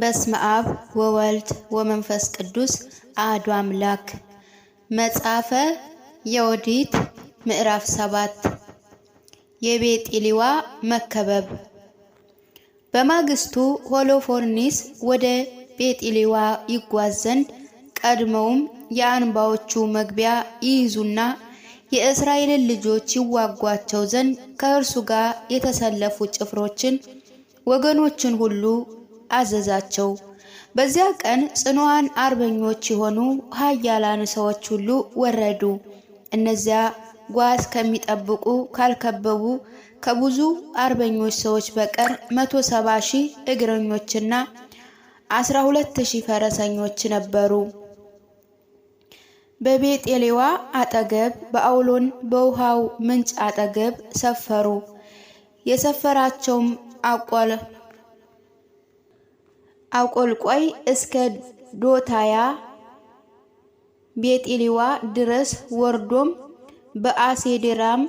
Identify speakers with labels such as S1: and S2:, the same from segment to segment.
S1: በስመ አብ ወወልድ ወመንፈስ ቅዱስ አሐዱ አምላክ። መጽሐፈ ዮዲት ምዕራፍ ሰባት የቤጢሊዋ መከበብ። በማግስቱ ሆሎፎርኒስ ወደ ቤጢሊዋ ይጓዝ ዘንድ ቀድመውም የአንባዎቹ መግቢያ ይይዙና የእስራኤልን ልጆች ይዋጓቸው ዘንድ ከእርሱ ጋር የተሰለፉ ጭፍሮችን ወገኖችን ሁሉ አዘዛቸው። በዚያ ቀን ጽኑዋን አርበኞች የሆኑ ኃያላን ሰዎች ሁሉ ወረዱ። እነዚያ ጓዝ ከሚጠብቁ ካልከበቡ ከብዙ አርበኞች ሰዎች በቀር መቶ ሰባ ሺህ እግረኞችና አስራ ሁለት ሺህ ፈረሰኞች ነበሩ። በቤጤሌዋ አጠገብ በአውሎን በውሃው ምንጭ አጠገብ ሰፈሩ። የሰፈራቸውም አቋል። አቆልቋይ እስከ ዶታያ ቤጤሊዋ ድረስ ወርዶም በአሴዴራም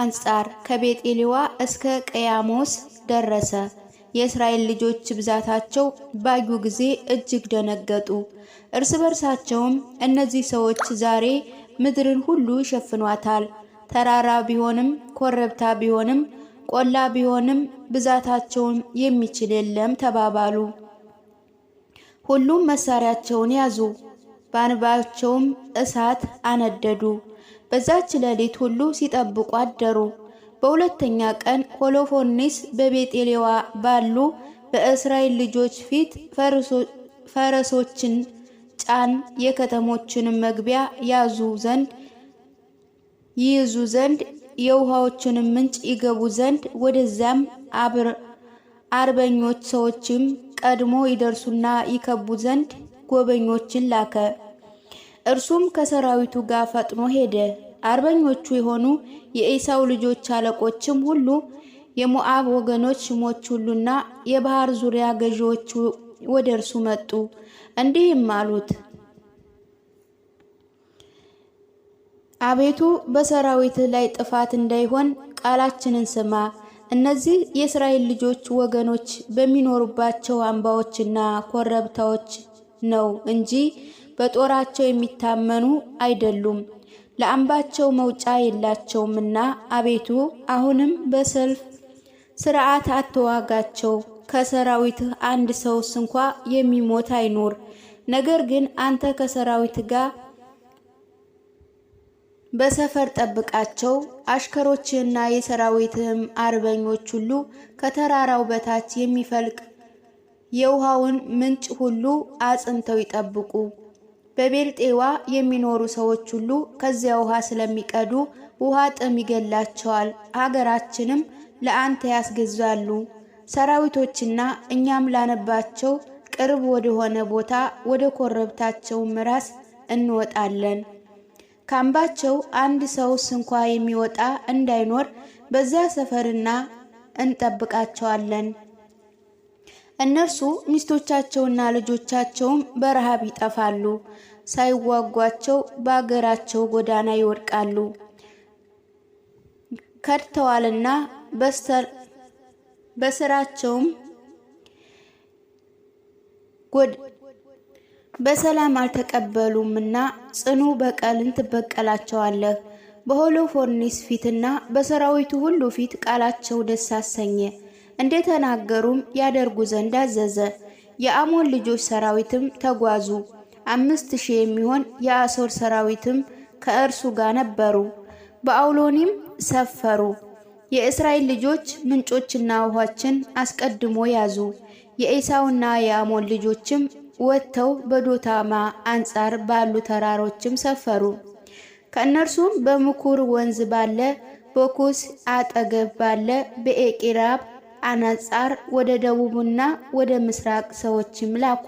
S1: አንጻር ከቤጤሊዋ እስከ ቀያሞስ ደረሰ። የእስራኤል ልጆች ብዛታቸው ባዩ ጊዜ እጅግ ደነገጡ። እርስ በርሳቸውም እነዚህ ሰዎች ዛሬ ምድርን ሁሉ ይሸፍኗታል። ተራራ ቢሆንም ኮረብታ ቢሆንም ቆላ ቢሆንም ብዛታቸውን የሚችል የለም ተባባሉ። ሁሉም መሳሪያቸውን ያዙ፣ በአንባቸውም እሳት አነደዱ። በዛች ሌሊት ሁሉ ሲጠብቁ አደሩ። በሁለተኛ ቀን ሆሎፎኒስ በቤጤሌዋ ባሉ በእስራኤል ልጆች ፊት ፈረሶችን ጫን፣ የከተሞችንም መግቢያ ያዙ ዘንድ ይይዙ ዘንድ የውሃዎችንም ምንጭ ይገቡ ዘንድ ወደዚያም አርበኞች ሰዎችም ቀድሞ ይደርሱና ይከቡ ዘንድ ጎበኞችን ላከ። እርሱም ከሰራዊቱ ጋር ፈጥኖ ሄደ። አርበኞቹ የሆኑ የኤሳው ልጆች አለቆችም ሁሉ፣ የሞዓብ ወገኖች ሽሞች ሁሉና የባህር ዙሪያ ገዢዎች ወደ እርሱ መጡ። እንዲህም አሉት፣ አቤቱ በሰራዊት ላይ ጥፋት እንዳይሆን ቃላችንን ስማ። እነዚህ የእስራኤል ልጆች ወገኖች በሚኖሩባቸው አምባዎችና ኮረብታዎች ነው እንጂ በጦራቸው የሚታመኑ አይደሉም። ለአምባቸው መውጫ የላቸውምና አቤቱ አሁንም በሰልፍ ስርዓት አትዋጋቸው። ከሰራዊት አንድ ሰውስ እንኳ የሚሞት አይኖር። ነገር ግን አንተ ከሰራዊት ጋር በሰፈር ጠብቃቸው፣ አሽከሮችህና የሰራዊትህም አርበኞች ሁሉ ከተራራው በታች የሚፈልቅ የውሃውን ምንጭ ሁሉ አጽንተው ይጠብቁ። በቤልጤዋ የሚኖሩ ሰዎች ሁሉ ከዚያ ውሃ ስለሚቀዱ ውሃ ጥም ይገላቸዋል፣ ሀገራችንም ለአንተ ያስገዛሉ። ሰራዊቶችና እኛም ላነባቸው ቅርብ ወደሆነ ቦታ ወደ ኮረብታቸውም ራስ እንወጣለን። ካምባቸው አንድ ሰው ስንኳ የሚወጣ እንዳይኖር በዚያ ሰፈርና እንጠብቃቸዋለን። እነርሱ ሚስቶቻቸውና ልጆቻቸውም በረሃብ ይጠፋሉ። ሳይዋጓቸው በአገራቸው ጎዳና ይወድቃሉ። ከድተዋልና በስራቸውም በሰላም አልተቀበሉምና ጽኑ በቀልን ትበቀላቸዋለህ። በሆሎፎርኒስ ፊትና በሰራዊቱ ሁሉ ፊት ቃላቸው ደስ አሰኘ፣ እንደ ተናገሩም ያደርጉ ዘንድ አዘዘ። የአሞን ልጆች ሰራዊትም ተጓዙ፣ አምስት ሺህ የሚሆን የአሶር ሰራዊትም ከእርሱ ጋር ነበሩ። በአውሎኒም ሰፈሩ። የእስራኤል ልጆች ምንጮችና ውኃችን አስቀድሞ ያዙ። የኤሳውና የአሞን ልጆችም ወጥተው በዶታማ አንጻር ባሉ ተራሮችም ሰፈሩ። ከእነርሱም በምኩር ወንዝ ባለ በኩስ አጠገብ ባለ በኤቂራብ አናጻር ወደ ደቡብና ወደ ምስራቅ ሰዎችም ላኩ።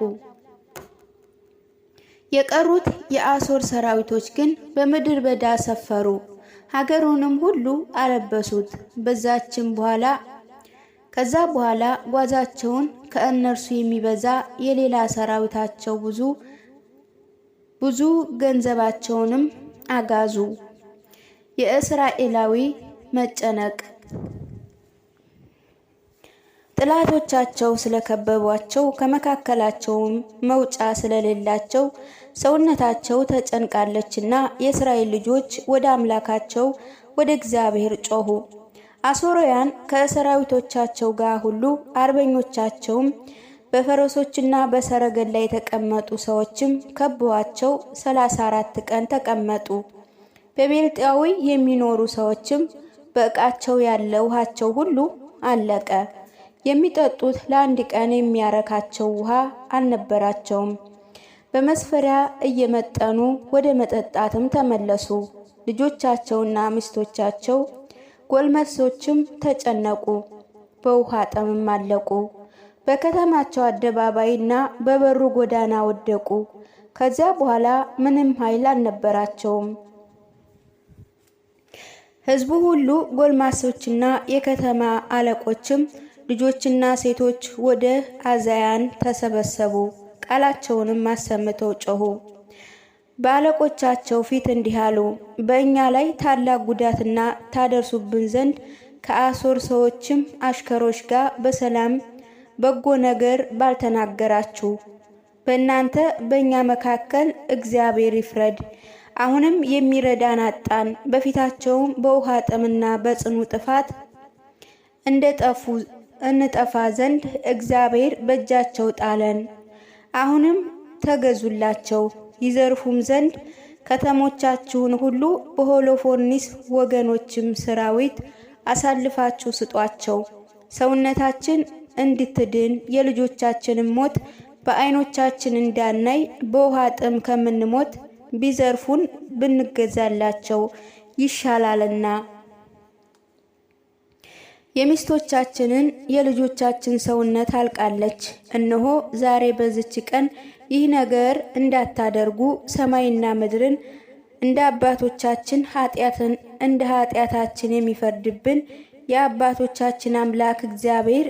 S1: የቀሩት የአሶር ሰራዊቶች ግን በምድር በዳ ሰፈሩ፣ ሀገሩንም ሁሉ አለበሱት። በዛችም በኋላ ከዛ በኋላ ጓዛቸውን ከእነርሱ የሚበዛ የሌላ ሰራዊታቸው ብዙ ብዙ ገንዘባቸውንም አጋዙ። የእስራኤላዊ መጨነቅ ጥላቶቻቸው ስለከበቧቸው ከመካከላቸውም መውጫ ስለሌላቸው ሰውነታቸው ተጨንቃለችና የእስራኤል ልጆች ወደ አምላካቸው ወደ እግዚአብሔር ጮኹ። አሶራውያን ከሰራዊቶቻቸው ጋር ሁሉ አርበኞቻቸውም በፈረሶችና በሰረገላ የተቀመጡ ሰዎችም ከበዋቸው 34 ቀን ተቀመጡ። በቤልጣዊ የሚኖሩ ሰዎችም በእቃቸው ያለ ውሃቸው ሁሉ አለቀ። የሚጠጡት ለአንድ ቀን የሚያረካቸው ውሃ አልነበራቸውም። በመስፈሪያ እየመጠኑ ወደ መጠጣትም ተመለሱ። ልጆቻቸውና ሚስቶቻቸው ጎልመሶችም ተጨነቁ፣ በውሃ ጠምም አለቁ። በከተማቸው አደባባይና በበሩ ጎዳና ወደቁ። ከዚያ በኋላ ምንም ኃይል አልነበራቸውም። ሕዝቡ ሁሉ ጎልማሶችና የከተማ አለቆችም ልጆችና ሴቶች ወደ አዛያን ተሰበሰቡ። ቃላቸውንም አሰምተው ጮኹ። በአለቆቻቸው ፊት እንዲህ አሉ። በእኛ ላይ ታላቅ ጉዳትና ታደርሱብን ዘንድ ከአሶር ሰዎችም አሽከሮች ጋር በሰላም በጎ ነገር ባልተናገራችሁ በእናንተ በእኛ መካከል እግዚአብሔር ይፍረድ። አሁንም የሚረዳን አጣን። በፊታቸውም በውሃ ጥምና በጽኑ ጥፋት እንደጠፉ እንጠፋ ዘንድ እግዚአብሔር በእጃቸው ጣለን። አሁንም ተገዙላቸው ይዘርፉም ዘንድ ከተሞቻችሁን ሁሉ በሆሎፎርኒስ ወገኖችም ሰራዊት አሳልፋችሁ ስጧቸው። ሰውነታችን እንድትድን የልጆቻችንን ሞት በዓይኖቻችን እንዳናይ በውሃ ጥም ከምንሞት ቢዘርፉን ብንገዛላቸው ይሻላልና የሚስቶቻችንን የልጆቻችን ሰውነት አልቃለች። እነሆ ዛሬ በዝች ቀን ይህ ነገር እንዳታደርጉ ሰማይና ምድርን እንደ አባቶቻችን ኃጢአትን እንደ ኃጢአታችን የሚፈርድብን የአባቶቻችን አምላክ እግዚአብሔር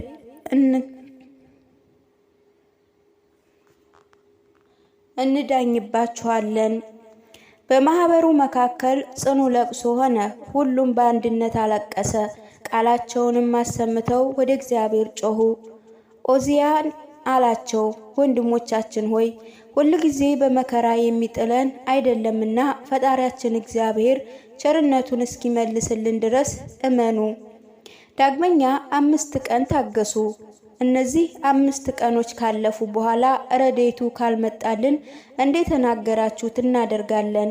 S1: እንዳኝባችኋለን። በማህበሩ መካከል ጽኑ ለቅሶ ሆነ። ሁሉም በአንድነት አለቀሰ። ቃላቸውንም አሰምተው ወደ እግዚአብሔር ጮኹ። ኦዚያን አላቸው። ወንድሞቻችን ሆይ ጊዜ በመከራ የሚጥለን አይደለምና ፈጣሪያችን እግዚአብሔር ቸርነቱን እስኪመልስልን ድረስ እመኑ። ዳግመኛ አምስት ቀን ታገሱ። እነዚህ አምስት ቀኖች ካለፉ በኋላ ረዴቱ ካልመጣልን እንደተናገራችሁት እናደርጋለን።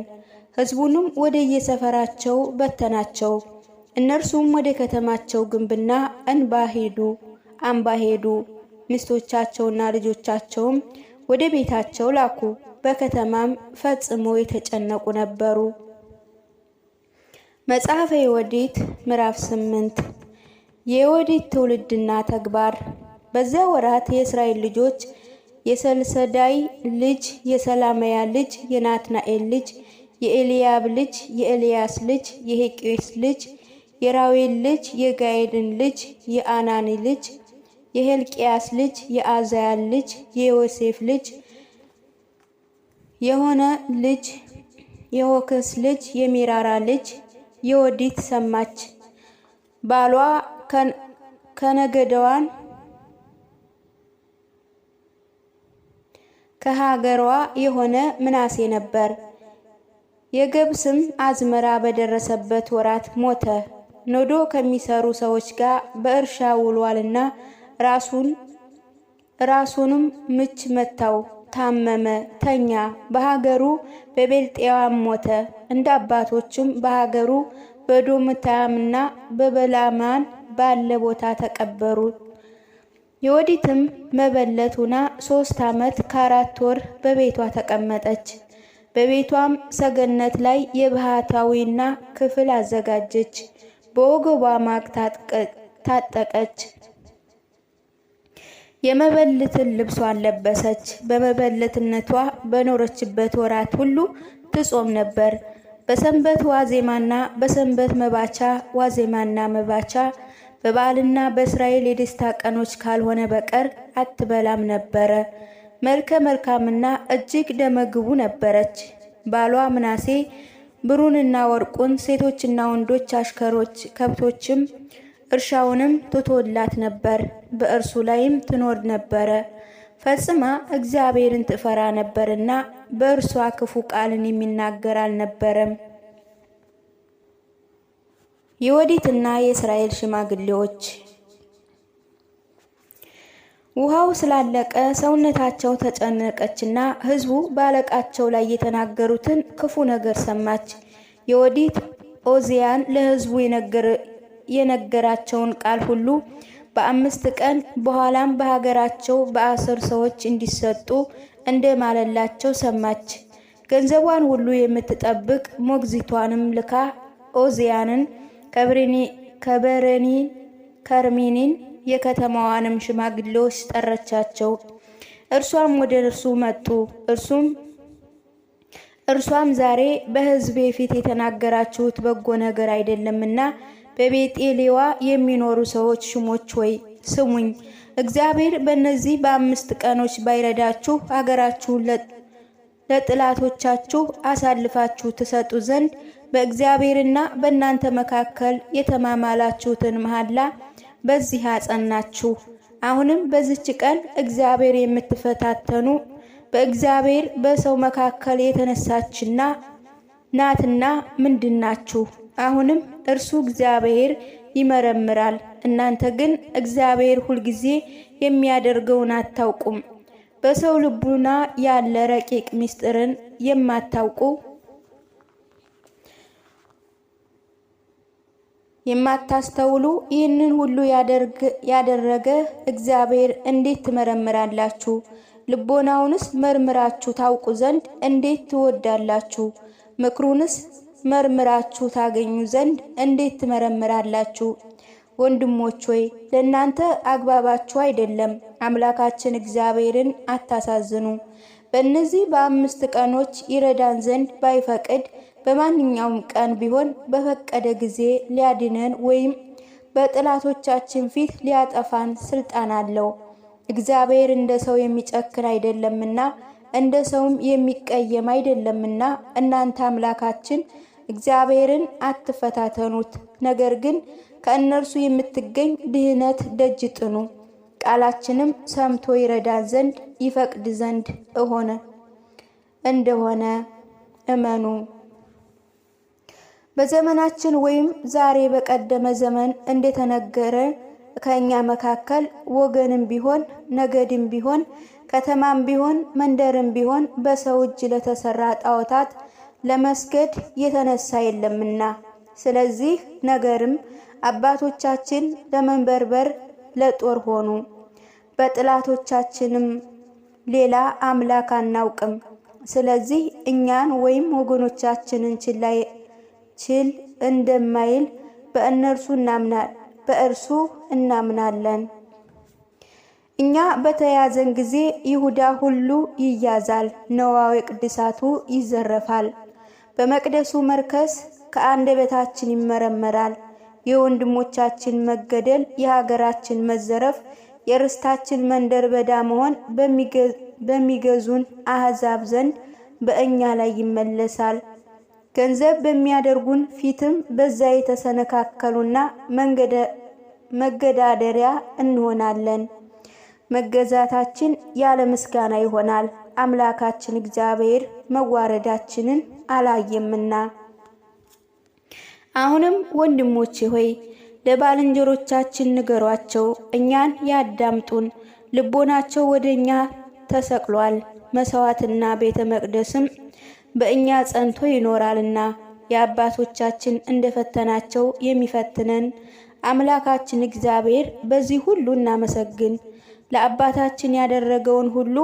S1: ሕዝቡንም ወደ የሰፈራቸው በተናቸው። እነርሱም ወደ ከተማቸው ግንብና እንባ ሄዱ አምባ ሄዱ። ሚስቶቻቸውና ልጆቻቸውም ወደ ቤታቸው ላኩ። በከተማም ፈጽሞ የተጨነቁ ነበሩ። መጽሐፈ የወዲት ምዕራፍ ስምንት የወዲት ትውልድና ተግባር። በዚያ ወራት የእስራኤል ልጆች የሰልሰዳይ ልጅ የሰላማያ ልጅ የናትናኤል ልጅ የኤልያብ ልጅ የኤልያስ ልጅ የሄቄስ ልጅ የራዌል ልጅ የጋይድን ልጅ የአናኒ ልጅ የሄልቅያስ ልጅ የአዛያል ልጅ የዮሴፍ ልጅ የሆነ ልጅ የሆክስ ልጅ የሚራራ ልጅ የወዲት ሰማች። ባሏ ከነገደዋን ከሀገሯ የሆነ ምናሴ ነበር። የገብስም አዝመራ በደረሰበት ወራት ሞተ። ኖዶ ከሚሰሩ ሰዎች ጋር በእርሻ ውሏልና ራሱን ራሱንም ምች መታው፣ ታመመ፣ ተኛ። በሀገሩ በቤልጤያም ሞተ። እንደ አባቶችም በሀገሩ በዶምታምና በበላማን ባለ ቦታ ተቀበሩት። የወዲትም መበለት ሁና ሶስት ዓመት ከአራት ወር በቤቷ ተቀመጠች። በቤቷም ሰገነት ላይ የባህታዊና ክፍል አዘጋጀች። በወገቧ ማቅ ታጠቀች። የመበለትን ልብሷን ለበሰች። በመበለትነቷ በኖረችበት ወራት ሁሉ ትጾም ነበር። በሰንበት ዋዜማና በሰንበት መባቻ ዋዜማና መባቻ በበዓልና በእስራኤል የደስታ ቀኖች ካልሆነ በቀር አትበላም ነበረ። መልከ መልካምና እጅግ ደመግቡ ነበረች። ባሏ ምናሴ ብሩንና ወርቁን ሴቶችና ወንዶች አሽከሮች ከብቶችም እርሻውንም ትቶላት ነበር፣ በእርሱ ላይም ትኖር ነበረ። ፈጽማ እግዚአብሔርን ትፈራ ነበርና በእርሷ ክፉ ቃልን የሚናገር አልነበረም። የወዲትና የእስራኤል ሽማግሌዎች ውሃው ስላለቀ ሰውነታቸው ተጨነቀችና ሕዝቡ በአለቃቸው ላይ የተናገሩትን ክፉ ነገር ሰማች። የወዲት ኦዚያን ለሕዝቡ የነገራቸውን ቃል ሁሉ በአምስት ቀን በኋላም በሀገራቸው በአስር ሰዎች እንዲሰጡ እንደማለላቸው ሰማች። ገንዘቧን ሁሉ የምትጠብቅ ሞግዚቷንም ልካ ኦዚያንን ከበረኒ ከርሚኒን የከተማዋንም ሽማግሌዎች ጠረቻቸው። እርሷም ወደ እርሱ መጡ። እርሱም እርሷም ዛሬ በሕዝቤ ፊት የተናገራችሁት በጎ ነገር አይደለምና በቤጤሌዋ የሚኖሩ ሰዎች ሽሞች ወይ ስሙኝ፣ እግዚአብሔር በእነዚህ በአምስት ቀኖች ባይረዳችሁ አገራችሁን ለጥላቶቻችሁ አሳልፋችሁ ትሰጡ ዘንድ በእግዚአብሔርና በእናንተ መካከል የተማማላችሁትን መሐላ በዚህ አጸናችሁ። አሁንም በዚች ቀን እግዚአብሔር የምትፈታተኑ በእግዚአብሔር በሰው መካከል የተነሳችና ናትና ምንድን ናችሁ? አሁንም እርሱ እግዚአብሔር ይመረምራል። እናንተ ግን እግዚአብሔር ሁልጊዜ የሚያደርገውን አታውቁም። በሰው ልቡና ያለ ረቂቅ ምስጢርን የማታውቁ የማታስተውሉ ይህንን ሁሉ ያደረገ እግዚአብሔር እንዴት ትመረምራላችሁ? ልቦናውንስ መርምራችሁ ታውቁ ዘንድ እንዴት ትወዳላችሁ? ምክሩንስ መርምራችሁ ታገኙ ዘንድ እንዴት ትመረምራላችሁ? ወንድሞች ሆይ ለእናንተ አግባባችሁ አይደለም፣ አምላካችን እግዚአብሔርን አታሳዝኑ። በእነዚህ በአምስት ቀኖች ይረዳን ዘንድ ባይፈቅድ በማንኛውም ቀን ቢሆን በፈቀደ ጊዜ ሊያድነን ወይም በጠላቶቻችን ፊት ሊያጠፋን ስልጣን አለው። እግዚአብሔር እንደ ሰው የሚጨክን አይደለምና እንደ ሰውም የሚቀየም አይደለምና እናንተ አምላካችን እግዚአብሔርን አትፈታተኑት፣ ነገር ግን ከእነርሱ የምትገኝ ድህነት ደጅ ጥኑ። ቃላችንም ሰምቶ ይረዳን ዘንድ ይፈቅድ ዘንድ እሆነ እንደሆነ እመኑ። በዘመናችን ወይም ዛሬ በቀደመ ዘመን እንደተነገረ ከእኛ መካከል ወገንም ቢሆን ነገድም ቢሆን ከተማም ቢሆን መንደርም ቢሆን በሰው እጅ ለተሰራ ጣዖታት ለመስገድ የተነሳ የለምና፣ ስለዚህ ነገርም አባቶቻችን ለመንበርበር ለጦር ሆኑ። በጥላቶቻችንም ሌላ አምላክ አናውቅም። ስለዚህ እኛን ወይም ወገኖቻችንን ችል እንደማይል በእነርሱ እናምናል በእርሱ እናምናለን። እኛ በተያዘን ጊዜ ይሁዳ ሁሉ ይያዛል፣ ነዋዊ ቅድሳቱ ይዘረፋል፣ በመቅደሱ መርከስ ከአንደበታችን ይመረመራል። የወንድሞቻችን መገደል፣ የሀገራችን መዘረፍ፣ የርስታችን መንደር በዳ መሆን በሚገዙን አሕዛብ ዘንድ በእኛ ላይ ይመለሳል። ገንዘብ በሚያደርጉን ፊትም በዛ የተሰነካከሉና መገዳደሪያ እንሆናለን። መገዛታችን ያለ ምስጋና ይሆናል። አምላካችን እግዚአብሔር መዋረዳችንን አላየምና። አሁንም ወንድሞቼ ሆይ ለባልንጀሮቻችን ንገሯቸው፣ እኛን ያዳምጡን። ልቦናቸው ወደ እኛ ተሰቅሏል፣ መሥዋዕትና ቤተ መቅደስም በእኛ ጸንቶ ይኖራልና የአባቶቻችን እንደፈተናቸው የሚፈትነን አምላካችን እግዚአብሔር በዚህ ሁሉ እናመሰግን ለአባታችን ያደረገውን ሁሉ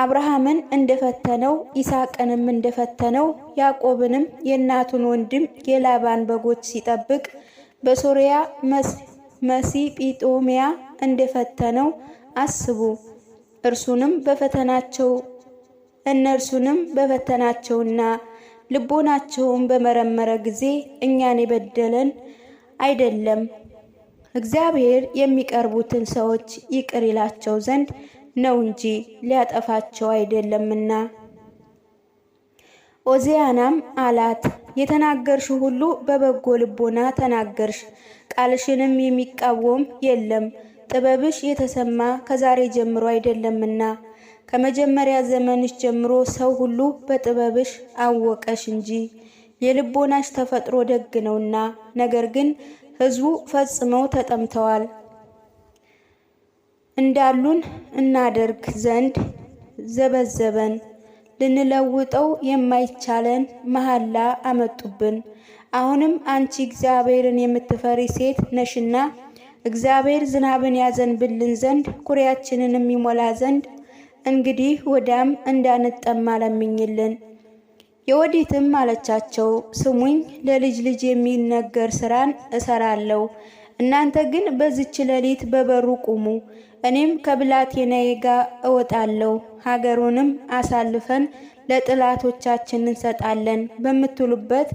S1: አብርሃምን እንደፈተነው ይስሐቅንም እንደፈተነው ያዕቆብንም የእናቱን ወንድም የላባን በጎች ሲጠብቅ በሶርያ መሲጲጦሚያ እንደፈተነው አስቡ። እርሱንም በፈተናቸው እነርሱንም በፈተናቸውና ልቦናቸውን በመረመረ ጊዜ እኛን የበደለን አይደለም እግዚአብሔር የሚቀርቡትን ሰዎች ይቅር ይላቸው ዘንድ ነው እንጂ ሊያጠፋቸው አይደለምና። ኦዚያናም አላት የተናገርሽ ሁሉ በበጎ ልቦና ተናገርሽ፣ ቃልሽንም የሚቃወም የለም። ጥበብሽ የተሰማ ከዛሬ ጀምሮ አይደለምና ከመጀመሪያ ዘመንሽ ጀምሮ ሰው ሁሉ በጥበብሽ አወቀሽ እንጂ የልቦናሽ ተፈጥሮ ደግ ነውና። ነገር ግን ህዝቡ ፈጽመው ተጠምተዋል እንዳሉን እናደርግ ዘንድ ዘበዘበን። ልንለውጠው የማይቻለን መሐላ አመጡብን። አሁንም አንቺ እግዚአብሔርን የምትፈሪ ሴት ነሽና እግዚአብሔር ዝናብን ያዘንብልን ዘንድ ኩሬያችንን የሚሞላ ዘንድ እንግዲህ ወዳም እንዳንጠማ ለምኝልን። የወዴትም አለቻቸው፣ ስሙኝ ለልጅ ልጅ የሚነገር ስራን እሰራለሁ። እናንተ ግን በዚች ሌሊት በበሩ ቁሙ፣ እኔም ከብላቴናዬ ጋር እወጣለሁ፣ ሀገሩንም አሳልፈን ለጥላቶቻችን እንሰጣለን በምትሉበት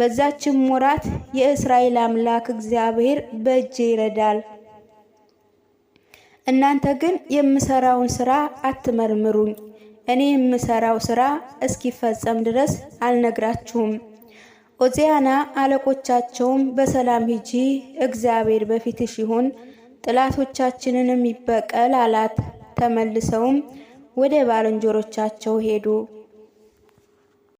S1: በዛችም ወራት የእስራኤል አምላክ እግዚአብሔር በእጄ ይረዳል። እናንተ ግን የምሰራውን ስራ አትመርምሩኝ እኔ የምሰራው ስራ እስኪፈጸም ድረስ አልነግራችሁም። ኦዚያና አለቆቻቸውም በሰላም ሂጂ፣ እግዚአብሔር በፊትሽ ይሁን፣ ጥላቶቻችንንም ይበቀል አላት። ተመልሰውም ወደ ባልንጀሮቻቸው ሄዱ።